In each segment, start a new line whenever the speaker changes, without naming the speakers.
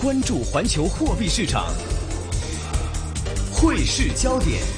關注環球貨幣市場，匯市焦點。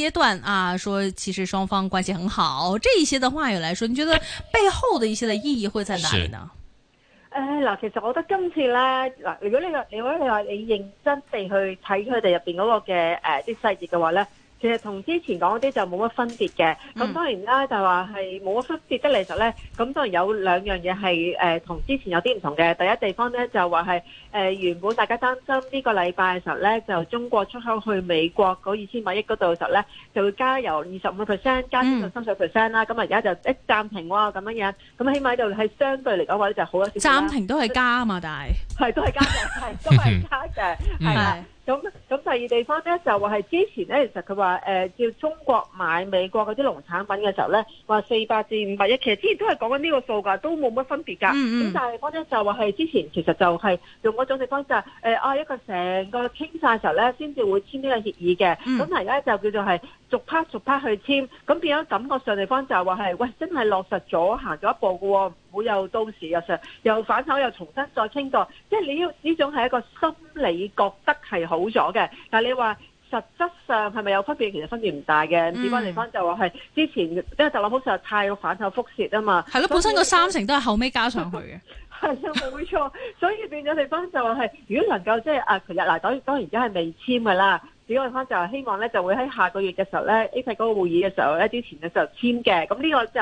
階段啊，說其實雙方關係很好，這一些的話語來說，你覺得背後的一些的意義會在哪裏呢？誒是，嗱，其實我覺得今
次咧，嗱，如果你話，你如果你話，你認真地去睇佢哋入邊嗰個嘅誒，啲細節嘅話咧。其實同之前講嗰啲就冇乜分別嘅，咁、嗯、當然啦，就話係冇乜分別。得嚟其實咧，咁當然有兩樣嘢係誒，同、呃、之前有啲唔同嘅。第一地方咧就話係誒，原本大家擔心呢個禮拜嘅時候咧，就中國出口去美國嗰二千百億嗰度嘅時候咧，就會加由二十五 percent 加到到三十 percent 啦。咁啊，而家、嗯、就一暫停喎、哦，咁樣樣，咁起碼就係相對嚟講話咧，就好一少少啦，暫停都係加啊嘛，但係係都係加嘅，係 都係加嘅，係咁咁第二地方咧就話係之前咧，其實佢話誒叫中國買美國嗰啲農產品嘅時候咧，話四百至五百億，其實之前都係講緊呢個數噶，都冇乜分別噶。咁但係咧就話係之前其實就係用嗰種地方、就係，誒、呃、啊一個成個傾晒時候咧，先至會簽呢個協議嘅。咁而家就叫做係。逐批逐批去簽，咁變咗感覺上地方就係話係，喂，真係落實咗行咗一步嘅喎，唔會又到時又上，又反口又重新再傾過，即係你要呢種係一個心理覺得係好咗嘅。但你話實質上係咪有分別？其實分別唔大嘅。地方、嗯、地方就話係之前，因為特朗普實在太過
反口覆舌啊嘛。係咯的，以本身個三成都係後尾加上去
嘅。係啊， 冇錯。所以變咗地方就話係，如果能夠即係啊，佢日嗱，當然當然而家係未簽㗎啦。只方就希望咧，就會喺下個月嘅時候咧 APEC 嗰個會議嘅時候咧，之前嘅時候簽嘅。咁呢個就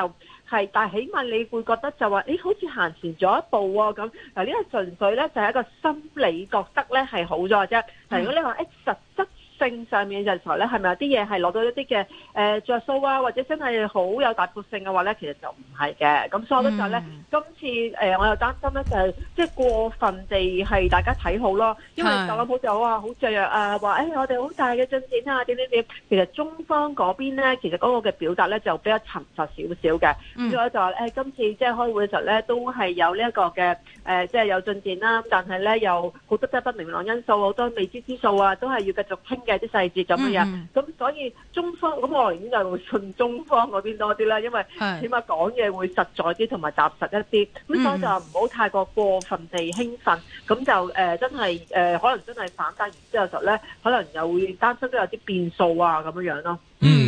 係、是，但係起碼你會覺得就話，你好似行前咗一步咁、哦。嗱，呢個純粹咧就係、是、一個心理覺得咧係好咗啫。但、嗯、如果你話誒、欸、實質，性上面嘅時候咧，係咪有啲嘢係攞到一啲嘅誒着數啊？或者真係好有突破性嘅話咧，其實就唔係嘅。咁所以咧就咧，嗯、今次誒、呃、我又擔心咧就係即係過分地係大家睇好咯。因為特朗普就話好雀躍啊，話誒、哎、我哋好大嘅進展啊，點點點。其實中方嗰邊咧，其實嗰個嘅表達咧就比較沉實少少嘅。所以就話誒、欸、今次即係開會嘅時候咧，都係有呢一個嘅誒即係有進展啦、啊。但係咧又好多不明朗因素，好多未知之數啊，都係要繼續傾。嘅啲細節咁嘅樣，咁、嗯、所以中方咁我哋已經就係會信中方嗰邊多啲啦，因為起碼講嘢會實在啲同埋踏實一啲，咁所以就唔好太過過分地興奮，咁就誒、呃、真係誒、呃、可能真係反彈完之後就咧，可能又會擔心都有啲變數啊咁樣樣咯。嗯。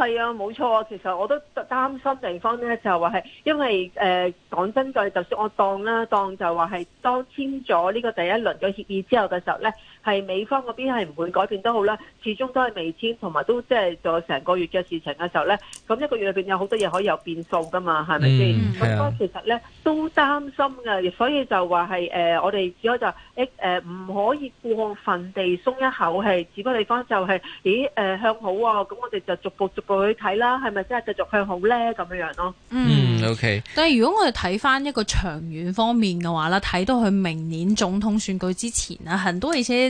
係啊，冇錯啊，其實我都擔心地方咧，就係話係因為誒、呃、講真句，就算我當啦，當就話係當簽咗呢個第一輪嘅協議之後嘅時候咧。係美方嗰邊係唔會改變都好啦，始終都係未簽，同埋都即係做成個月嘅事情嘅時候咧，咁一個月裏邊有好多嘢可以有變數噶嘛，係咪先？咁所以其實咧都擔心嘅，所以就話係誒，我哋只可以就誒誒唔可以過分地鬆一口氣，只不過地方就係、是、咦誒、呃、向好啊。咁我哋就逐步逐步去睇啦，係咪真係繼續向好咧？咁樣樣咯。嗯
，OK。
但咁如果我哋睇翻一個長遠方面嘅話啦，睇到佢明年總統選舉之前啦，很多而且。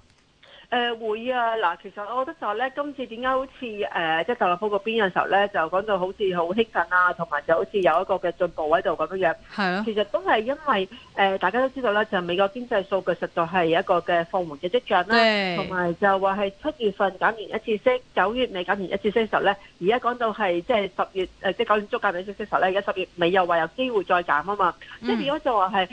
誒、呃、會啊！嗱，其實我覺得就係咧，今次點解好似誒、呃，即係特朗普嗰邊嘅時候咧，就講到好似好興奮啊，同埋就好似有一個嘅進步喺度咁樣樣。係咯的，其實都係因為誒、呃，大家都知道啦，就美國經濟數據實在係一個嘅放緩嘅跡象啦、啊。同埋的就話係七月份減完一次息，九月尾減完一次息嘅時候咧，而家講到係即係十月誒，即、呃、係九月中減完一次息嘅時候咧，而家十月尾又話有機會再減啊嘛。即係如果就話係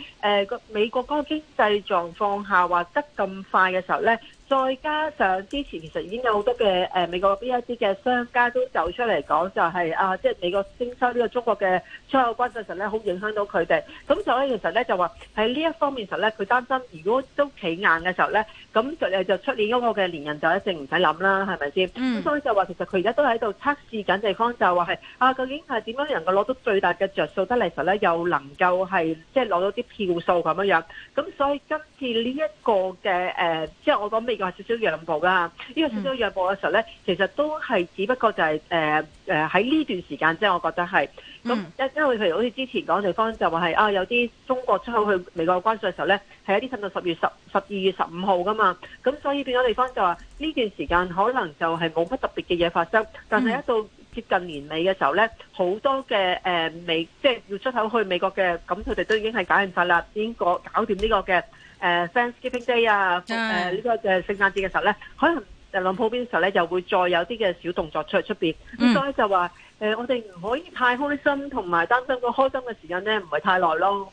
誒美國嗰個經濟狀況下滑得咁快嘅時候咧。再加上之前其實已經有好多嘅誒美國邊一啲嘅商家都走出嚟講，就係啊，即係美國徵收呢個中國嘅出口關稅嘅時咧，好影響到佢哋。咁所以其實咧就話喺呢一方面實咧，佢擔心如果都企硬嘅時候咧，咁就就出現嗰個嘅連任就一定唔使諗啦，係咪先？咁、嗯、所以就話其實佢而家都喺度測試緊地方就，就話係啊，究竟係點樣人能夠攞到最大嘅着數得嚟實咧，又能夠係即係攞到啲票數咁樣樣。咁所以今次呢一個嘅誒、呃，即係我講又話少少讓步啦，呢個少少讓步嘅時候咧，嗯、其實都係只不過就係誒誒喺呢段時間啫，我覺得係咁一，因為譬如好似之前講地方就話係啊，有啲中國出口去美國嘅關稅嘅時候咧，係一啲甚至十月十十二月十五號噶嘛，咁所以變咗地方就話呢段時間可能就係冇乜特別嘅嘢發生，但係一到接近年尾嘅時候咧，好多嘅誒、呃、美即係要出口去美國嘅，咁佢哋都已經係搞掂曬啦，已經過搞掂呢個嘅。誒 Thanksgiving Day 啊，誒、uh, 啊，呢、這個誒聖、啊、誕節嘅時候咧，可能特朗普邊時候咧，又會再有啲嘅小動作出出邊。咁、mm. 所以就話誒、呃，我哋唔可以太開心，同埋擔心個開心嘅時間咧，唔係太耐咯。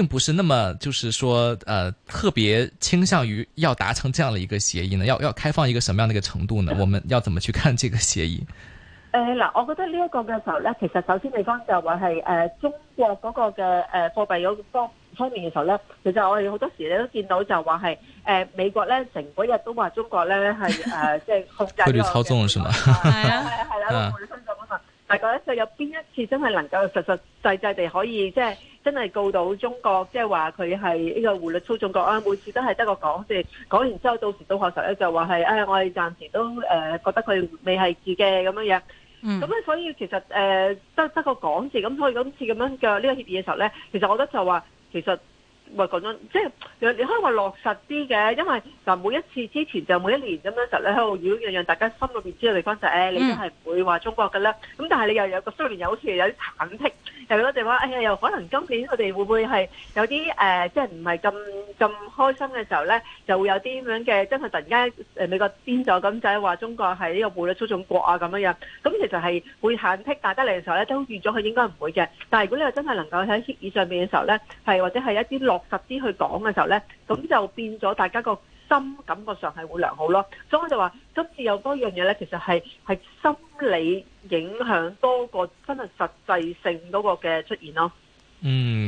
並不是那麼，就是說，呃，特別傾向於要達成這樣的一個協議呢？要要開放一個什麼樣的一個程度呢？我們要怎麼去看這個協議？
誒嗱，我覺得呢一個嘅時候咧，其實首先你講就話係誒中國嗰個嘅誒貨幣有方方面嘅時候咧，其實我哋好多時咧都見到就話係誒美國咧成嗰日都話中國咧係誒即係匯率操縱係嘛？係啊，係啦，我哋相信啊就有邊一次真係能夠實實際際地可以即係。真係告到中國，即係話佢係呢個匯率操縱國啊！每次都係得個講字，講完之後到時到學實咧就話係，唉、哎，我哋暫時都、呃、覺得佢未係字嘅咁樣樣，咁咧、嗯，所以其實、呃、得得個講字，咁所以今次咁樣嘅呢個協議嘅時候咧，其實我覺得就話其實喂講咗，即係你可以話落實啲嘅，因為就每一次之前就每一年咁樣實咧喺度如果讓大家心裏面知道地方就係、是嗯、你都係唔會話中國㗎啦。咁但係你又有個雙邊又好似有啲忐忑。就話，哎呀，又可能今年我哋會唔會係有啲誒、呃，即係唔係咁咁開心嘅時候咧，就會有啲咁樣嘅，即係突然間誒美國癲咗咁滯，話、就係、中國係呢個匯率操縱國啊咁樣樣。咁其實係會喊辟大家嚟嘅時候咧，都預咗佢應該唔會嘅。但係如果你個真係能夠喺協議上面嘅時候咧，係或者係一啲落實啲去講嘅時候咧，咁就變咗大家個心感覺上係會良好咯，所以我就話今次有多樣嘢咧，其實係係心理影響多過真係實際性嗰個嘅出現咯。嗯。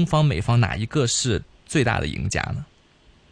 中方、美方哪一個是最大的贏家呢？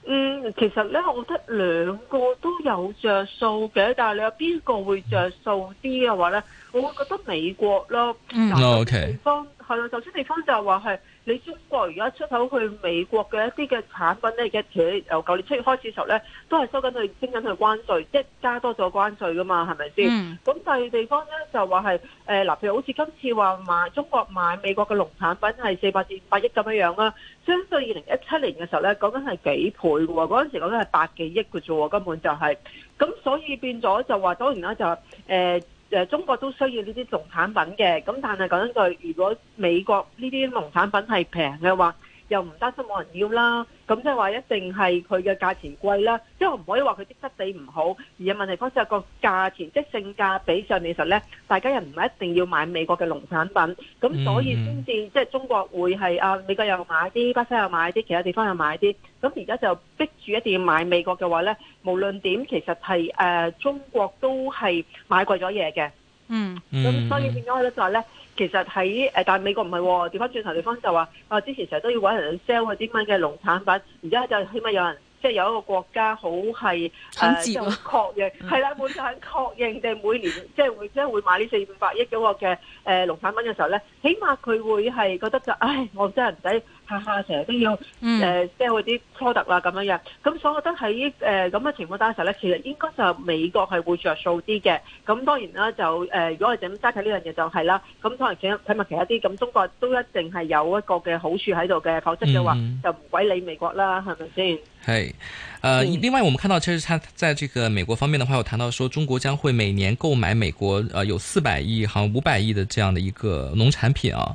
嗯，其實咧，我覺得兩個都有着數嘅，但係你有邊個會着數啲嘅話咧，我會覺得美國咯。嗯，O K。美方係啦，首先 Okay. 美方就係話係。你中國而家出口去美國嘅一啲嘅產品咧，嘅佢由舊年七月開始嘅時候咧，都係收緊佢徵緊佢關稅，即係加多咗關稅噶嘛，係咪先？咁第二地方咧就話係誒嗱，譬、呃、如好似今次話買中國買美國嘅農產品係四百至五百億咁樣樣啦，相對二零一七年嘅時候咧，講緊係幾倍嘅喎，嗰陣時講緊係百幾億嘅啫喎，根本就係、是、咁，所以變咗就話當然啦，就、呃、誒。誒，中國都需要呢啲農產品嘅，咁但係講一句，如果美國呢啲農產品係平嘅話，又唔擔心冇人要啦。咁即係話一定係佢嘅價錢貴啦，因為唔可以話佢啲質地唔好，而有問題方即係個價錢，即係性價比上其實咧，大家又唔一定要買美國嘅農產品，咁所以先至即係中國會係啊美國又買啲，巴西又買啲，其他地方又買啲，咁而家就逼住一定要買美國嘅話咧，無論點其實係誒、呃、中國都係買貴咗嘢嘅。嗯，咁、嗯、所以變咗佢咧就係咧，其實喺誒，但係美國唔係喎，調翻轉頭地方就話，啊之前成日都要搵人去 sell 嗰啲乜嘅農產品，而家就起碼有人即係、就是、有一個國家好係誒，即係自、呃就是、確認係啦，會肯、嗯、確認定每年即係、就是、會即係、就是、會買呢四五百億咁嘅誒農產品嘅時候咧，起碼佢會係覺得就，唉，我真係唔使。哈哈，成日都要誒 sell 啲 product 啦咁樣樣，咁、嗯、所以我覺得喺咁嘅情況底下時候咧，其實應該就美國係會着數啲嘅。咁、嗯、當然啦，就誒、呃、如果係咁齋睇呢樣嘢就係啦，咁可能睇睇埋其他啲，咁中國都一定係有一個嘅好處喺度嘅。否則嘅話、嗯、就唔鬼理美國啦，係咪先？
係，誒、呃、另外，我們看到其實他喺這個美國方面嘅話，有談到說中國將會每年購買美國，呃、有四百億，好像五百億的這樣的一個農產品啊。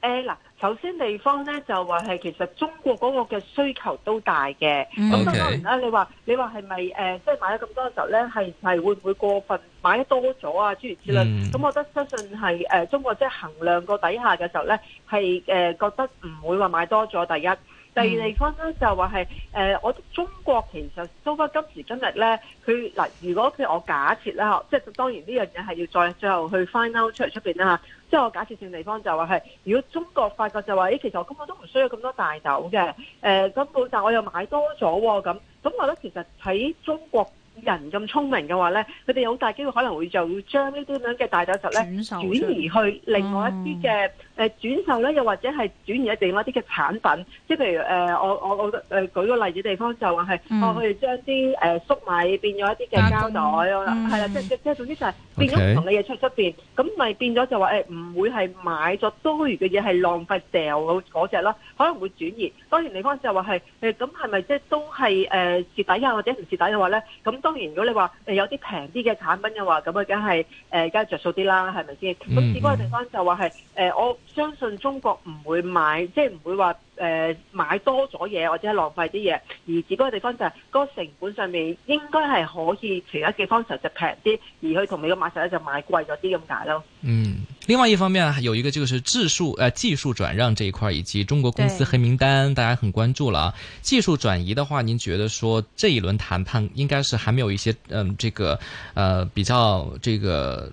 誒，嗱、呃，首先地方咧就話係其實中國嗰個嘅需求都大嘅，咁、嗯、當然啦，Okay. 你話你話係咪誒，即、呃、係、就是、買咗咁多嘅時候咧，係係會唔會過分買多咗啊？諸如此類，咁、嗯、我覺得相信係誒、呃，中國即係衡量個底下嘅時候咧，係誒、呃、覺得唔會話買多咗。第一，嗯、第二地方咧就話係誒，我覺得中國其實都話今時今日咧，佢嗱、呃，如果譬如我假設啦、啊、即係當然呢樣嘢係要再最後去 find out 出嚟出邊啦吓。啊即係我假設性地方就話係，如果中國發覺就話，誒、欸、其實我根本都唔需要咁多大豆嘅，誒、呃、咁，但係我又買多咗喎，咁咁我覺得其實喺中國人咁聰明嘅話咧，佢哋有好大機會可能會就會將呢啲咁樣嘅大豆實咧轉移去另外一啲嘅、嗯。誒、呃、轉售咧，又或者係轉移一定一啲嘅產品，即係譬如誒、呃，我我我誒、呃、舉個例子地方就話係，我、嗯哦、去將啲誒粟米變咗一啲嘅膠袋咯，係啦，即係即係總之就係變咗唔同嘅嘢出出邊，咁咪變咗就話誒唔會係買咗多餘嘅嘢係浪費掉嗰嗰隻咯，可能會轉移。當然地方就話係誒，咁係咪即係都係誒蝕底啊，或者唔蝕底嘅話咧？咁當然如果你話誒、呃、有啲平啲嘅產品嘅話，咁啊梗係誒梗係著數啲啦，係咪先？咁至於嗰地方就話係誒我。相信中國唔會買，即係唔會話誒、呃、買多咗嘢或者係浪費啲嘢，而只嗰個地方就係、是、嗰、那個成本上面應該係可以其他地方頭就平啲，而去同美國買實就買貴咗啲咁解咯。
嗯，另外一方面，有一個就是術、呃、技術誒技術轉讓這一塊，以及中國公司黑名單，對大家很關注啦、啊。技術轉移的話，您覺得說這一輪談判應該是還沒有一些嗯，這個呃比較這個。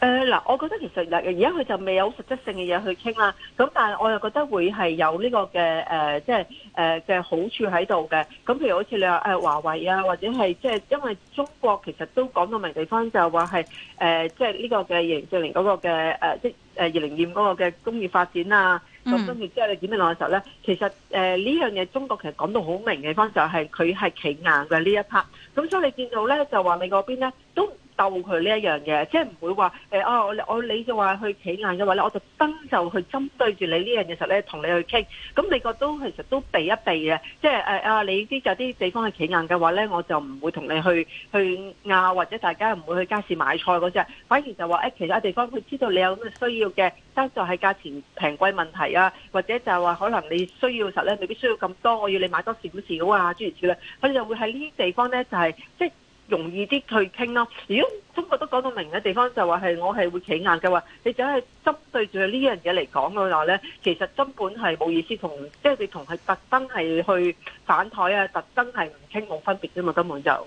誒，嗱、呃，我覺得其實而而家佢就未有實質性嘅嘢去傾啦。咁但係我又覺得會係有呢個嘅誒，即係誒嘅好處喺度嘅。咁譬如好似你話誒、啊、華為啊，或者係即係因為中國其實都講到明嘅地方就話係誒，即係呢個嘅營造零嗰個嘅誒，即係誒二零二五嗰個嘅工業發展啊那。咁跟住之後你點樣落嘅時候咧，其實誒呢、呃、樣嘢中國其實講到好明嘅地方就係佢係企硬嘅呢一 part。咁所以你見到咧就話美國嗰邊咧都。鬥佢呢一樣嘢，即係唔會話誒、哎、啊！我我你就話去企硬嘅話咧，我就登就去針對住你呢樣嘢。實咧，同你去傾。咁你個都其實都避一避嘅，即係誒啊！你啲有啲地方係企硬嘅話咧，我就唔會同你去去拗，或者大家唔會去街市買菜嗰隻，反而就話誒、哎，其他地方佢知道你有咁嘅需要嘅，登就係價錢平貴問題啊，或者就話可能你需要實咧，未必需要咁多，我要你買多少少啊諸如此類，佢就會喺呢啲地方咧，就係、是、即係。容易啲去傾咯。如果中國都講到明嘅地方，就話係我係會企硬嘅話，你就係針對住呢樣嘢嚟講嘅話咧，其實根本係冇意思，同即係你同係特登係去反台啊，特登係唔傾，冇分別啫嘛，根本就。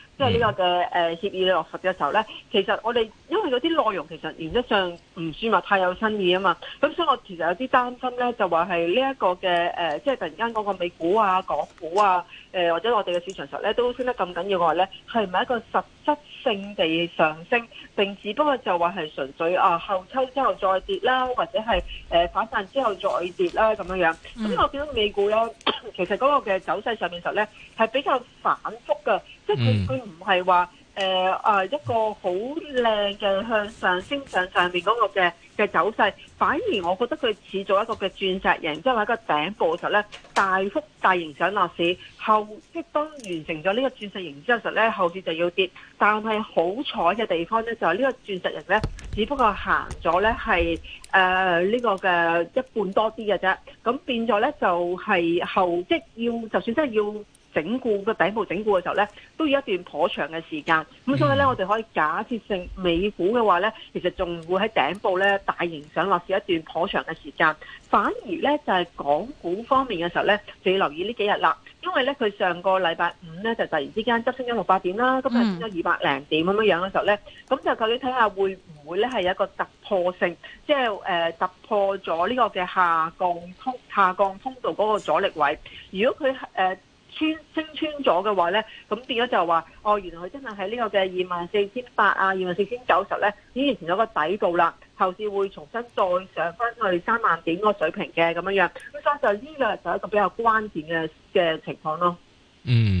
即係呢個嘅誒協議落實嘅時候咧，其實我哋因為嗰啲內容其實原則上唔算話太有新意啊嘛，咁所以我其實有啲擔心咧，就話係呢一個嘅誒，即、呃、係、就是、突然間嗰個美股啊、港股啊，誒、呃、或者我哋嘅市場時咧都升得咁緊要的話呢，話咧係咪一個實質性地上升？並只不過就話係純粹啊後抽之後再跌啦，或者係誒、呃、反彈之後再跌啦咁樣樣。咁我見到美股咧，其實嗰個嘅走勢上面時咧係比較反覆噶。即佢，唔係話誒啊一個好靚嘅向上升上上邊嗰個嘅嘅走勢，反而我覺得佢似做一個嘅鑽石形，即係話一個頂部嘅時候咧，大幅大型上落市後，即係當完成咗呢個鑽石形之後時候呢，實咧後市就要跌。但係好彩嘅地方咧，就係呢個鑽石形咧，只不過行咗咧係誒呢個嘅一半多啲嘅啫。咁變咗咧就係後即要，就算真係要。整固嘅頂部整固嘅時候咧，都要一段頗長嘅時間。咁所以咧，我哋可以假設性美股嘅話咧，其實仲會喺頂部咧，大型上落市一段頗長嘅時間。反而咧，就係、是、港股方面嘅時候咧，就要留意呢幾日啦。因為咧，佢上個禮拜五咧就突然之間執升咗六百點啦，咁啊升咗二百零點咁樣樣嘅時候咧，咁就究竟睇下會唔會咧係有一個突破性，即係誒突破咗呢個嘅下降通下降通道嗰個阻力位。如果佢誒。呃穿升穿咗嘅話咧，咁變咗就話，哦，原來佢真係喺呢個嘅二萬四千八啊，二萬四千九十咧，已經形成咗個底部啦，後至會重新再上翻去三萬點個水平嘅咁樣樣，咁所以就呢兩日就一個比較關鍵嘅嘅情況咯，嗯。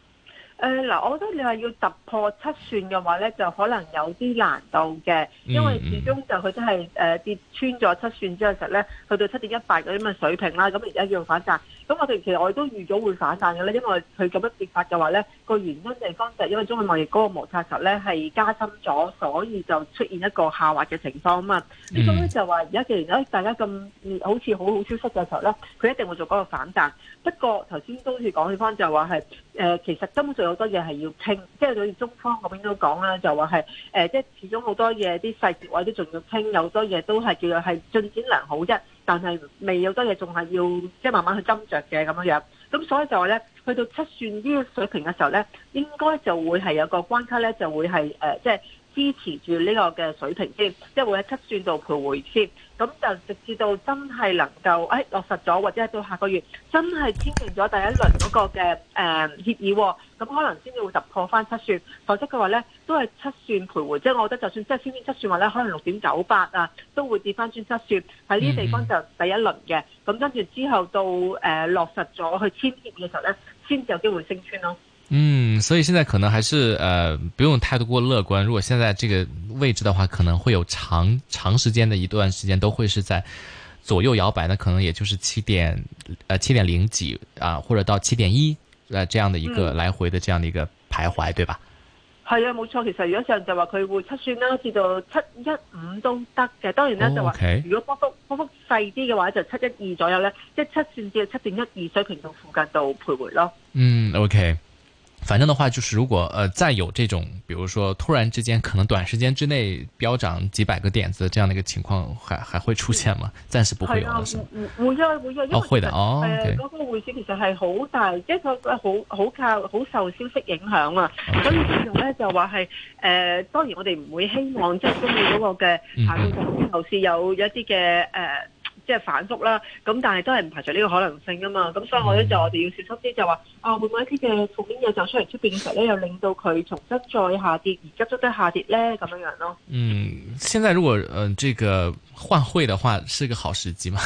誒嗱、呃，我覺得你話要突破七算嘅話咧，就可能有啲難度嘅，因為始終就佢真係誒跌穿咗七算之後咧，去到七點一八嗰啲咁嘅水平啦，咁而家要反彈。咁我哋其實我哋都預咗會反彈嘅咧，因為佢咁樣跌法嘅話咧，個原因地方就係因為中美貿易嗰個摩擦實咧係加深咗，所以就出現一個下滑嘅情況啊嘛。呢種咧就話而家既然而、哎、大家咁好似好好消失嘅時候咧，佢一定會做嗰個反彈。不過頭先都好似講起返就話係。誒、呃，其實根本仲有好多嘢係要傾，即係好似中方嗰邊都講啦，就話係即係始終好多嘢啲細節位都仲要傾，有好多嘢都係叫做係進展良好啫，但係未有多嘢仲係要即係慢慢去斟酌嘅咁樣樣，咁所以就話咧，去到七算呢個水平嘅時候咧，應該就會係有個關卡咧，就會係、呃、即係。支持住呢個嘅水平先，即係會喺七算度徘徊先，咁就直至到真係能夠誒、哎、落實咗，或者係到下個月真係簽訂咗第一輪嗰個嘅誒協議，咁可能先至會突破翻七算，否則嘅話咧都係七算徘徊。即係我覺得就算即係簽完七算話咧，可能六點九八啊都會跌翻轉七算，喺呢啲地方就第一輪嘅，咁跟住之後到誒、呃、落實咗去簽協嘅時候咧，先至有機會升穿咯。嗯。
所以現在可能還是，呃，不用太過樂觀。如果現在這個位置的話，可能會有長長時間的一段時間都會是在左右搖擺，那可能也就是七點，呃，七點零幾啊、呃，或者到七點一，呃，這樣的一個來回的這樣的一個徘徊，嗯、對吧？
係啊，冇錯。其實如果上就話佢會七算啦，至到七一五都得嘅。當然啦，就話，如果波幅波幅細啲嘅話，就七一二左右咧，即係七算至到七點一二水平度附近度徘徊咯。
嗯，OK。反正的話，就是如果，呃，再有這種，比如說突然之間可能短時間之內飆漲幾百個點子這樣的一個情況還，還還會出現嗎？暫時不會有
了，是。會啊，會啊，因為會的哦。誒、oh, okay. 呃，嗰、那個匯市其實係好大，即係佢好好靠好受消息影響啊，oh. 所以其實呢就話係，誒、呃，當然我哋唔會希望即係中意個嘅下晝後市，mm hmm. 有一啲嘅誒。呃即係反覆啦，咁但係都係唔排除呢個可能性㗎嘛，咁所以我咧就、嗯、我哋要小心啲，就話啊會唔會一啲嘅負面嘢就出嚟出邊嘅時候咧，又令到佢重新再下跌，而急速再下跌咧咁樣樣咯。嗯，
現在如果嗯、呃、這個換匯的話，是個好時機嘛，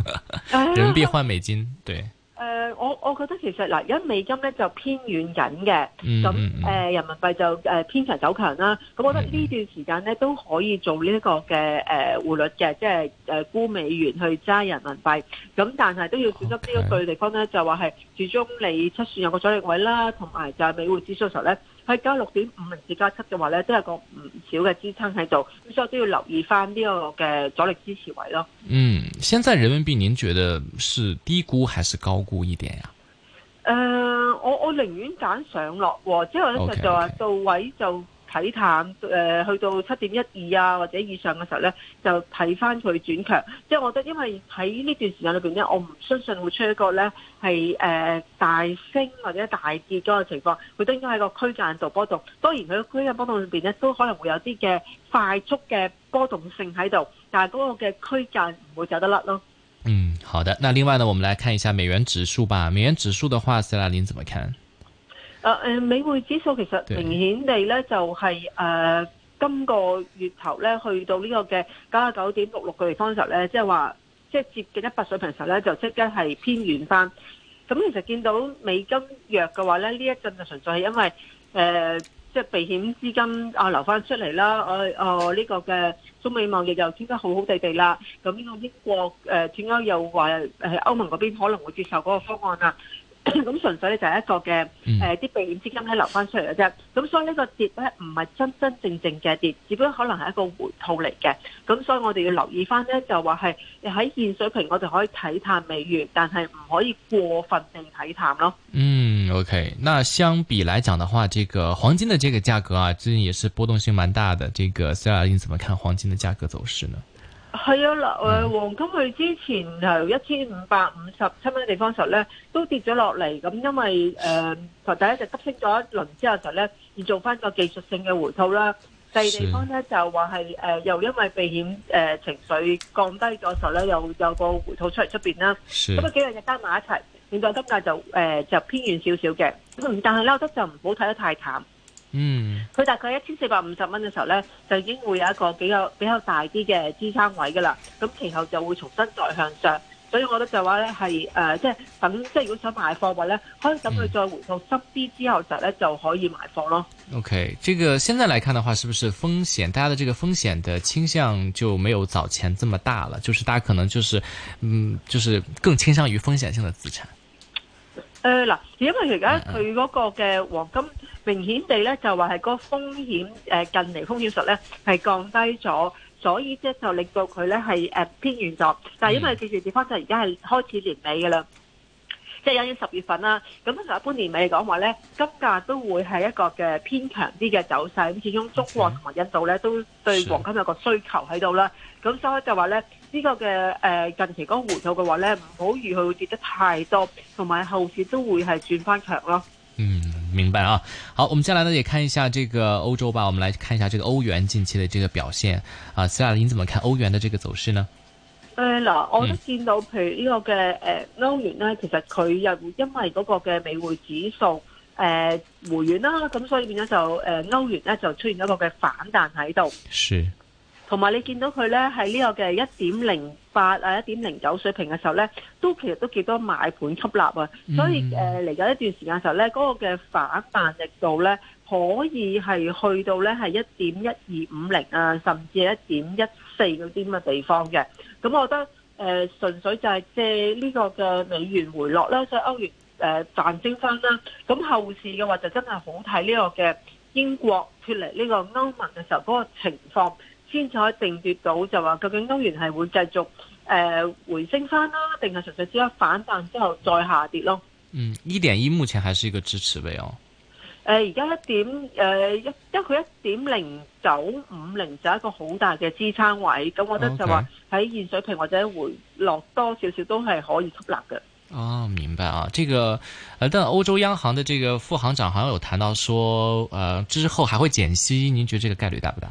哎、呀人民
幣換美金，哎、呀對。
誒、呃，我我覺得其實嗱，而、呃、家美金咧就偏軟緊嘅，咁誒、呃、人民幣就誒、呃、偏強走強啦。咁我覺得呢段時間咧都可以做呢一個嘅誒匯率嘅，即係誒、呃、沽美元去揸人民幣。咁但係都要小心呢一對地方咧，就話係始終你出線有個阻力位啦，同埋就係美匯指數時候咧。喺加六點五零字加七嘅話咧，都係個唔少嘅支撐喺度，所以我都要留意翻呢個嘅阻力支持位咯。嗯，
現在人民幣，您覺得是低估還是高估一點呀、
啊？誒、呃，我我寧願揀上落，之後咧就就是、係 Okay, okay. 到位就。睇淡誒，去到七點一二啊或者以上嘅時候咧，就睇返佢轉強。即係我覺得，因為喺呢段時間裏邊咧，我唔相信會出一個咧係誒大升或者大跌嗰個情況，佢都應該喺個區間度波動。當然，佢個區間波動裏邊咧都可能會有啲嘅快速嘅波動性喺度，但係嗰個嘅區間唔會走得甩咯。嗯，
好的。那另外呢，我們來看一下美元指數吧。美元指數的話，謝拉林怎麼看？
啊誒，美滙指數其實明顯地咧就係誒、呃、今個月頭咧去到呢個嘅九十九點六六嘅地方時候咧，即係話即係接近一百水平時候咧就即刻係偏軟翻。咁其實見到美金弱嘅話咧，呢一陣就純粹係因為誒、呃、即係避險資金啊流翻出嚟啦。誒誒呢個嘅中美貿易又轉得好好地地啦。咁呢個英國誒，轉歐、呃、又話誒歐盟嗰邊可能會接受嗰個方案啦咁純 粹咧就係一個嘅誒啲避險資金係留翻出嚟嘅啫，咁、嗯、所以呢個跌咧唔係真真正正嘅跌，只不過可能係一個回吐嚟嘅，咁所以我哋要留意翻咧就話係喺現水平，我哋可以睇淡美元，但係唔可以過分地睇淡咯。
嗯，OK，那相比來講嘅話，這個黃金的這個價格啊，最近也是波動性蠻大嘅。這個芬姐你怎麼看黃金的價格走勢呢？
係啊，誒，黃金佢之前係一千五百五十七蚊地方時候咧，都跌咗落嚟，咁因為誒，第、呃、一就急升咗一輪之後時候咧，要做翻個技術性嘅回吐啦，第二地方咧就話係誒，又因為避險誒、呃、情緒降低咗時候咧，有有個回吐出嚟出邊啦，咁啊是幾日日加埋一齊，現在金價就誒、呃、就偏軟少少嘅，但係咧就唔好睇得太淡。嗯，佢大概一千四百五十蚊嘅時候咧，就已經會有一個比較比較大啲嘅支撐位噶啦，咁其後就會重新再向上，所以我覺得就話咧係誒，即係等即係如果想買貨的話咧，可以等佢再回吐濕啲之後就咧就可以買貨咯。
OK，這個現在來看的話，是不是風險？大家的這個風險的傾向就沒有早前這麼大了，就是大家可能就是嗯，就是更傾向於風險性的資產。
誒，嗱、呃，因為而家佢嗰個嘅黃金，明顯地咧就話係個風險，誒、呃、近嚟風險率咧係降低咗，所以即係就令到佢咧係偏軟咗。但係因為記住地方就而家係開始年尾噶啦，即係入到十月份啦。咁通常一般年尾嚟講話咧，金價都會係一個嘅偏強啲嘅走勢。咁始終中國同埋印度咧都對黃金有個需求喺度啦。咁所以就話咧。呢個嘅誒、呃、近期嗰個回頭嘅話咧，唔好預佢會跌得太多，同埋後市都會係轉翻強咯。嗯，
明白啊。好，我們接下嚟呢，也看一下這個歐洲吧。我們來看一下這個歐元近期嘅這個表現啊。司亞，您怎麼看歐元的這個走勢呢？
誒嗱、呃，我都見到，譬如呢個嘅誒歐元呢，其實佢又因為嗰個嘅美匯指數誒、呃、回軟啦，咁所以變咗就誒歐、呃、元咧就出現一個嘅反彈喺度。是。同埋你見到佢咧喺呢個嘅一點零八啊、一點零九水平嘅時候咧，都其實都幾多買盤吸納啊，所以誒嚟緊一段時間嘅時候咧，嗰、那個嘅反彈力度咧，可以係去到咧係一點一二五零啊，甚至係一點一四嗰啲咁嘅地方嘅。咁我覺得誒、呃、純粹就係借呢個嘅美元回落啦，所以歐元誒、呃、賺升翻啦。咁後市嘅話就真係好睇呢個嘅英國脫離呢個歐盟嘅時候嗰個情況。先至可以定奪到，就話究竟歐元係會繼續誒回升翻啦，定係純粹只係反彈之後再下跌咯。嗯，
一點一目前還是一個支持位哦。誒、
呃，而家一點誒一、呃，因為佢一點零九五零就係一個好大嘅支撐位，咁、哦、我覺得就話喺現水平或者回落多少少都係可以吸納嘅。
哦，明白啊，這個，呃、但歐洲央行嘅這個副行長好像有談到說，誒、呃、之後還會減息，您覺得這個概率大不大？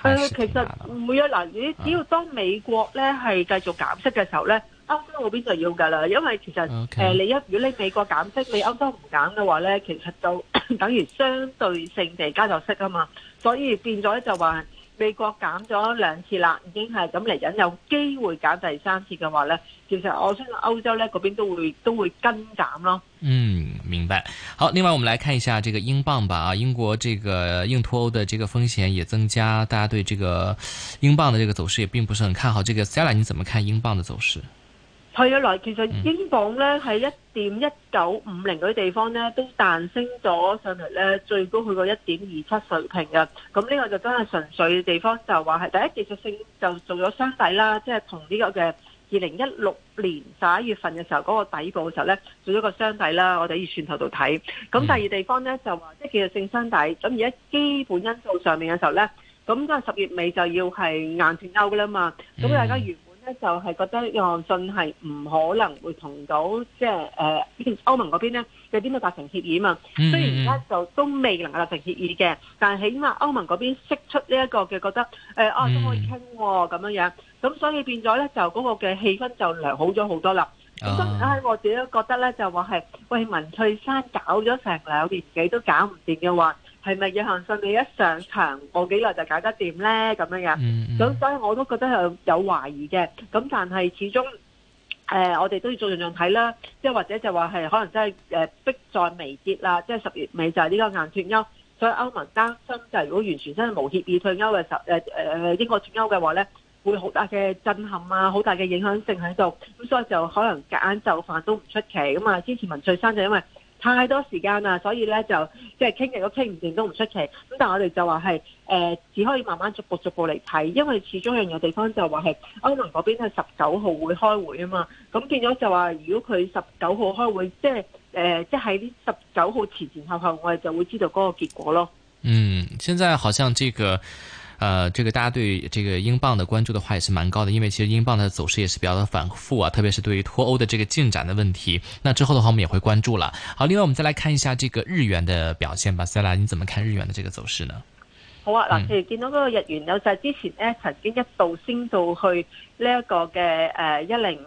係、呃，其實唔會啊嗱，你只要當美國咧係繼續減息嘅時候咧，歐洲嗰邊就要噶啦，因為其實誒、呃，你一如果你美國減息，你歐洲唔減嘅話咧，其實就 等於相對性地加就息啊嘛，所以變咗就話。美國減咗兩次啦，已經係咁嚟緊有機會減第三次嘅話咧，其實我相信歐洲咧嗰邊都會都會跟減咯。
嗯，明白。好，另外我們來看一下這個英鎊吧，啊，英國這個硬脫歐的這個風險也增加，大家對這個英鎊的這個走勢也並不是很看好。這個 Sella 你怎麼看英鎊的走勢？
係啊，來，其實英鎊咧喺一點一九五零嗰啲地方咧，都彈升咗上嚟咧，最高去過一點二七水平啊！咁呢個就真係純粹嘅地方，就話係第一技術性就做咗箱底啦，即係同呢個嘅二零一六年十一月份嘅時候嗰個底部嘅時候咧做咗個箱底啦。我哋喺柱頭度睇，咁第二地方咧就話即係技術性箱底，咁而家基本因素上面嘅時候咧，咁都係十月尾就要係硬脫歐噶啦嘛。咁大家如咧就係覺得約翰遜係唔可能會同到即係誒歐盟嗰邊咧有啲咩達成協議啊嘛，雖然而家就都未能夠達成協議嘅，但係起碼歐盟嗰邊釋出呢一個嘅覺得誒哦都可以傾喎咁樣樣，咁所以變咗咧就嗰個嘅氣氛就良好咗好多啦。咁當然啦，我自己覺得咧就話係喂文翠珊搞咗成兩年幾都搞唔掂嘅話。係咪約翰遜一上場個幾耐就搞得掂咧咁樣嘅？咁、mm hmm. 所以我都覺得有有懷疑嘅。咁但係始終，誒、呃、我哋都要做樣樣睇啦。即係或者就話係可能真係誒迫在眉睫啦。即係十月尾就係呢個硬脫歐，所以歐盟擔心就係如果完全真係無協議脫歐嘅時候，誒、呃、誒英國脫歐嘅話咧，會好大嘅震撼啊，好大嘅影響性喺度。咁所以就可能夾硬就範都唔出奇咁啊！之前文翠珊就因為太多時間啦，所以呢，就即係傾極都傾唔定，都唔出奇。咁但係我哋就話係誒，只可以慢慢逐步逐步嚟睇，因為始終有一地方就話係歐盟嗰邊係十九號會開會啊嘛。咁變咗就話，如果佢十九號開會，即係誒、呃，即係喺十九號前前後後，我哋就會知道嗰個結果咯。嗯，
現在好像這個。呃，這個大家對這個英鎊的關注的話也是蠻高的，因為其實英鎊的走勢也是比較的反復啊，特別是對於脫歐的這個進展的問題，那之後的話我們也會關注了。好，另外我們再來看一下這個日元的表現吧。塞拉，你怎麼看日元的這個走勢呢？
好啊，嗱、嗯，其實見到嗰個日元有在、就是、之前咧曾經一度升到去呢一個嘅，誒，一零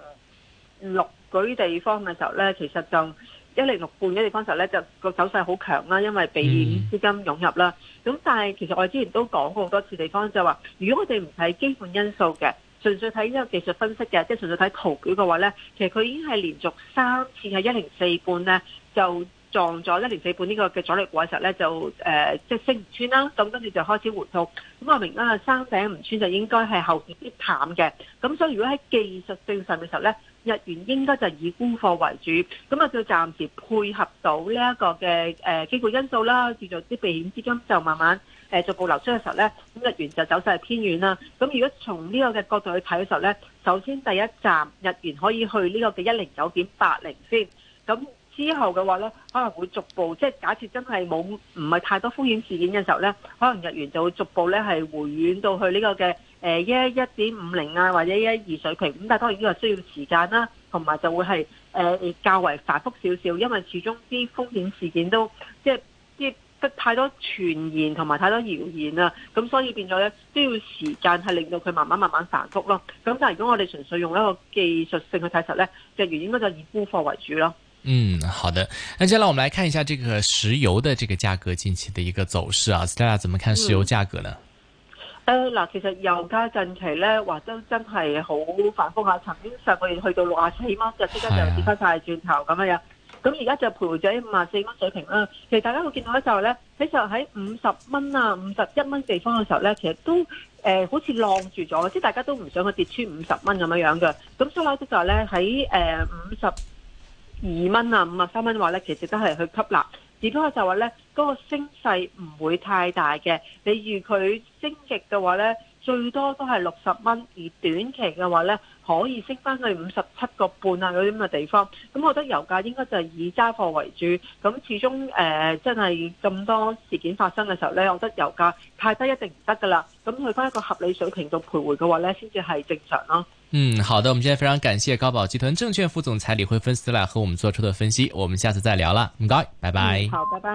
六嗰啲地方嘅時候呢，其實就。一零六半嘅地方時候咧，就個走勢好強啦，因為避險資金湧入啦。咁、嗯、但係其實我之前都講過好多次地方就說，就話如果我哋唔睇基本因素嘅，純粹睇呢個技術分析嘅，即係純粹睇圖表嘅話咧，其實佢已經係連續三次係一零四半咧就撞咗一零四半呢個嘅阻力位嘅時候咧，就誒即、呃就是、升唔穿啦。咁跟住就開始回吐。咁我明啦，三頂唔穿就應該係後邊啲淡嘅。咁所以如果喺技術性上嘅時候咧。日元應該就以沽貨為主，咁啊，再暫時配合到呢一個嘅誒基本因素啦，叫做啲避險資金就慢慢誒、呃、逐步流出嘅時候咧，咁日元就走勢係偏軟啦。咁如果從呢個嘅角度去睇嘅時候咧，首先第一站日元可以去呢個嘅一零九點八零先，咁之後嘅話咧可能會逐步即係、就是、假設真係冇唔係太多風險事件嘅時候咧，可能日元就會逐步咧係回軟到去呢個嘅。誒，一一點五零啊，或者一一二水平咁，但係當然呢個需要時間啦，同埋就會係誒、呃、較為反覆少少，因為始終啲風險事件都即係即係太多傳言同埋太多謠言啊，咁所以變咗咧需要時間係令到佢慢慢慢慢反覆咯。咁但係如果我哋純粹用一個技術性去睇實咧，例如應該就以沽貨為主咯。
嗯，好的。那接下來我們來看一下這個石油的這個價格近期的一個走勢啊，Stella 怎麼看石油價格呢？嗯
嗱，其實油價近期咧話都真係好反覆下，曾經上個月去到六十四蚊就即刻就跌翻晒轉頭咁樣樣。咁而家就徘徊咗喺五十四蚊水平啦。其實大家會見到咧就係咧，其實喺五十蚊啊、五十一蚊地方嘅時候咧，其實都誒、呃、好似晾住咗，即係大家都唔想佢跌穿五十蚊咁樣樣嘅。咁所以咧其實咧喺誒五十二蚊啊、五十三蚊話咧，其實都係去吸納。只不過就話呢，嗰、那個升勢唔會太大嘅。例如佢升極嘅話呢，最多都係六十蚊；而短期嘅話呢，可以升翻去五十七個半啊嗰啲咁嘅地方。咁我覺得油價應該就係以揸貨為主。咁始終誒、呃，真係咁多事件發生嘅時候呢，我覺得油價太低一定唔得噶啦。咁去翻一個合理水平度徘徊嘅話呢，先至係正常咯、啊。
嗯，好的。我們今天非常感謝高寶集團證券副總裁李慧芬斯來和我們做出的分析。我們下次再聊了，嗯，拜拜，嗯。
好，拜拜。